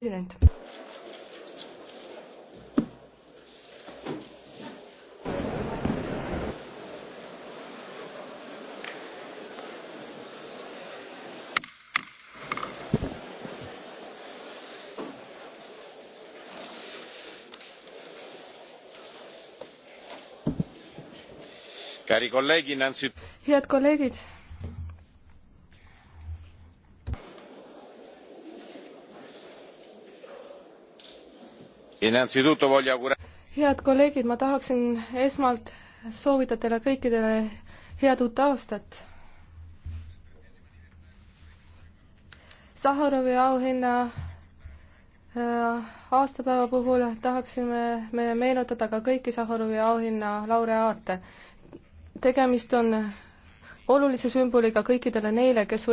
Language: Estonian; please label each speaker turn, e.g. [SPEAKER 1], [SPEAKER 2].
[SPEAKER 1] president.
[SPEAKER 2] head kolleegid
[SPEAKER 3] head kolleegid, ma tahaksin esmalt soovida teile kõikidele head uut aastat. Sahharovi auhinna äh, aastapäeva puhul tahaksime me meenutada ka kõiki Sahharovi auhinna laureaate. tegemist on olulise sümboliga
[SPEAKER 4] kõikidele neile, kes